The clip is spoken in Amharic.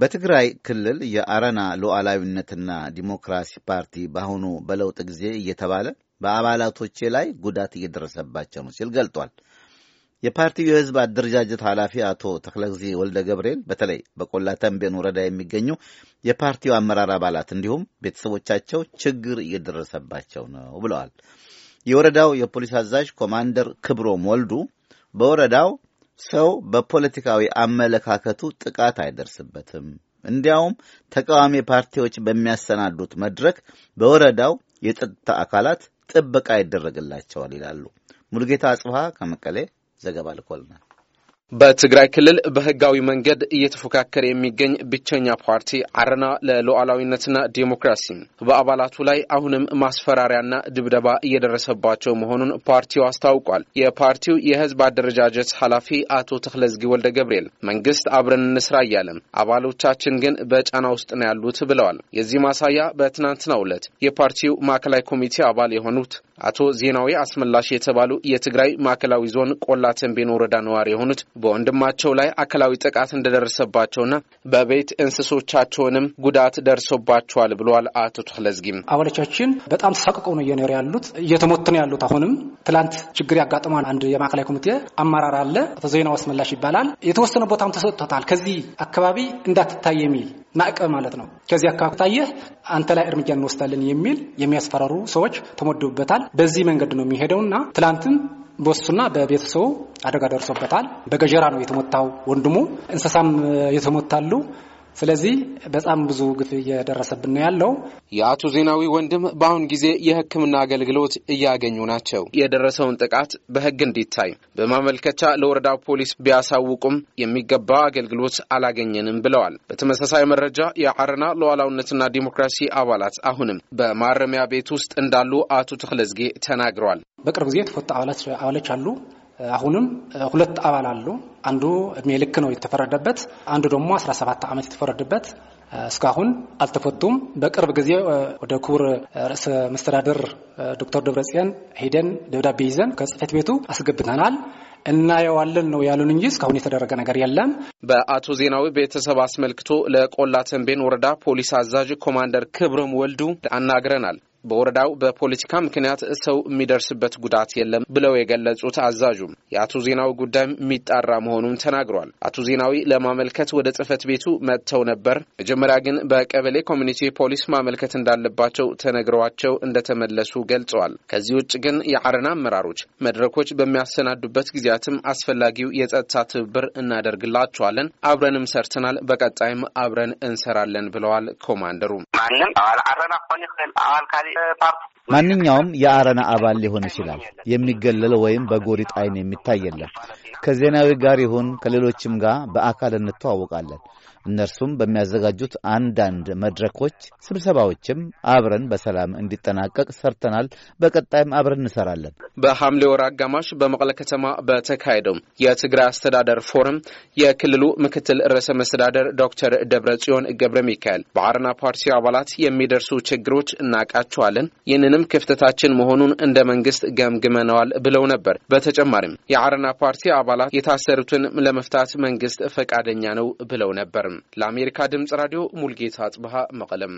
በትግራይ ክልል የአረና ሉዓላዊነትና ዲሞክራሲ ፓርቲ በአሁኑ በለውጥ ጊዜ እየተባለ በአባላቶቼ ላይ ጉዳት እየደረሰባቸው ነው ሲል ገልጧል። የፓርቲው የህዝብ አደረጃጀት ኃላፊ አቶ ተክለጊዜ ወልደ ገብርኤል በተለይ በቆላ ተንቤን ወረዳ የሚገኙ የፓርቲው አመራር አባላት እንዲሁም ቤተሰቦቻቸው ችግር እየደረሰባቸው ነው ብለዋል። የወረዳው የፖሊስ አዛዥ ኮማንደር ክብሮም ወልዱ በወረዳው ሰው በፖለቲካዊ አመለካከቱ ጥቃት አይደርስበትም፣ እንዲያውም ተቃዋሚ ፓርቲዎች በሚያሰናዱት መድረክ በወረዳው የጸጥታ አካላት ጥበቃ ይደረግላቸዋል ይላሉ። ሙልጌታ አጽብሃ ከመቀሌ ዘገባ ልኮልናል። በትግራይ ክልል በህጋዊ መንገድ እየተፎካከረ የሚገኝ ብቸኛ ፓርቲ አረና ለሉዓላዊነትና ዴሞክራሲ በአባላቱ ላይ አሁንም ማስፈራሪያና ድብደባ እየደረሰባቸው መሆኑን ፓርቲው አስታውቋል። የፓርቲው የህዝብ አደረጃጀት ኃላፊ አቶ ተክለዝጊ ወልደ ገብርኤል መንግስት አብረን እንስራ እያለም አባሎቻችን ግን በጫና ውስጥ ነው ያሉት ብለዋል። የዚህ ማሳያ በትናንትናው ዕለት የፓርቲው ማዕከላዊ ኮሚቴ አባል የሆኑት አቶ ዜናዊ አስመላሽ የተባሉ የትግራይ ማዕከላዊ ዞን ቆላ ተንቤን ወረዳ ነዋሪ የሆኑት በወንድማቸው ላይ አካላዊ ጥቃት እንደደረሰባቸውና በቤት እንስሶቻቸውንም ጉዳት ደርሶባቸዋል ብለዋል። አቶ ተክለዝጊም አባሎቻችን በጣም ተሳቅቀው ነው እየኖሩ ያሉት፣ እየተሞት ነው ያሉት። አሁንም ትላንት ችግር ያጋጥሟል። አንድ የማዕከላዊ ኮሚቴ አመራር አለ፣ አቶ ዜናዊ አስመላሽ ይባላል። የተወሰነ ቦታም ተሰጥቶታል፣ ከዚህ አካባቢ እንዳትታይ የሚል ማዕቀብ ማለት ነው። ከዚህ አካባቢ ታየህ አንተ ላይ እርምጃ እንወስዳለን የሚል የሚያስፈራሩ ሰዎች ተመደቡበታል። በዚህ መንገድ ነው የሚሄደው እና ትላንትም በሱና በቤተሰቡ አደጋ ደርሶበታል። በገጀራ ነው የተሞታው ወንድሙ እንስሳም የተሞታሉ። ስለዚህ በጣም ብዙ ግፍ እየደረሰብን ነው ያለው። የአቶ ዜናዊ ወንድም በአሁን ጊዜ የሕክምና አገልግሎት እያገኙ ናቸው። የደረሰውን ጥቃት በሕግ እንዲታይ በማመልከቻ ለወረዳ ፖሊስ ቢያሳውቁም የሚገባው አገልግሎት አላገኘንም ብለዋል። በተመሳሳይ መረጃ የአረና ሉዓላዊነትና ዲሞክራሲ አባላት አሁንም በማረሚያ ቤት ውስጥ እንዳሉ አቶ ተክለዝጌ ተናግረዋል። በቅርብ ጊዜ የተፈቱ አባሎች አሉ። አሁንም ሁለት አባል አሉ። አንዱ እድሜ ልክ ነው የተፈረደበት፣ አንዱ ደግሞ 17 ዓመት የተፈረደበት እስካሁን አልተፈቱም። በቅርብ ጊዜ ወደ ክቡር ርዕሰ መስተዳደር ዶክተር ደብረጽዮን ሄደን ደብዳቤ ይዘን ከጽህፈት ቤቱ አስገብተናል። እናየዋለን ነው ያሉን እንጂ እስካሁን የተደረገ ነገር የለም። በአቶ ዜናዊ ቤተሰብ አስመልክቶ ለቆላ ተንቤን ወረዳ ፖሊስ አዛዥ ኮማንደር ክብረም ወልዱ አናግረናል። በወረዳው በፖለቲካ ምክንያት ሰው የሚደርስበት ጉዳት የለም ብለው የገለጹት አዛዡም የአቶ ዜናዊ ጉዳይም የሚጣራ መሆኑን ተናግሯል። አቶ ዜናዊ ለማመልከት ወደ ጽህፈት ቤቱ መጥተው ነበር። መጀመሪያ ግን በቀበሌ ኮሚኒቲ ፖሊስ ማመልከት እንዳለባቸው ተነግረዋቸው እንደተመለሱ ገልጸዋል። ከዚህ ውጭ ግን የአረና አመራሮች መድረኮች በሚያሰናዱበት ጊዜያትም አስፈላጊው የጸጥታ ትብብር እናደርግላቸዋለን፣ አብረንም ሰርተናል፣ በቀጣይም አብረን እንሰራለን ብለዋል ኮማንደሩ። ማንም አረና ሆን 呃，把。ማንኛውም የአረና አባል ሊሆን ይችላል። የሚገለል ወይም በጎሪጥ አይን የሚታይ የለም። ከዜናዊ ጋር ይሁን ከሌሎችም ጋር በአካል እንተዋወቃለን። እነርሱም በሚያዘጋጁት አንዳንድ መድረኮች፣ ስብሰባዎችም አብረን በሰላም እንዲጠናቀቅ ሰርተናል። በቀጣይም አብረን እንሰራለን። በሐምሌ ወር አጋማሽ በመቀለ ከተማ በተካሄደው የትግራይ አስተዳደር ፎረም የክልሉ ምክትል ርዕሰ መስተዳደር ዶክተር ደብረ ጽዮን ገብረ ሚካኤል በአረና ፓርቲ አባላት የሚደርሱ ችግሮች እናውቃቸዋለን ይህንንም አሁንም ክፍተታችን መሆኑን እንደ መንግስት ገምግመነዋል ብለው ነበር። በተጨማሪም የአረና ፓርቲ አባላት የታሰሩትን ለመፍታት መንግስት ፈቃደኛ ነው ብለው ነበር። ለአሜሪካ ድምጽ ራዲዮ ሙልጌታ አጽብሃ መቀለም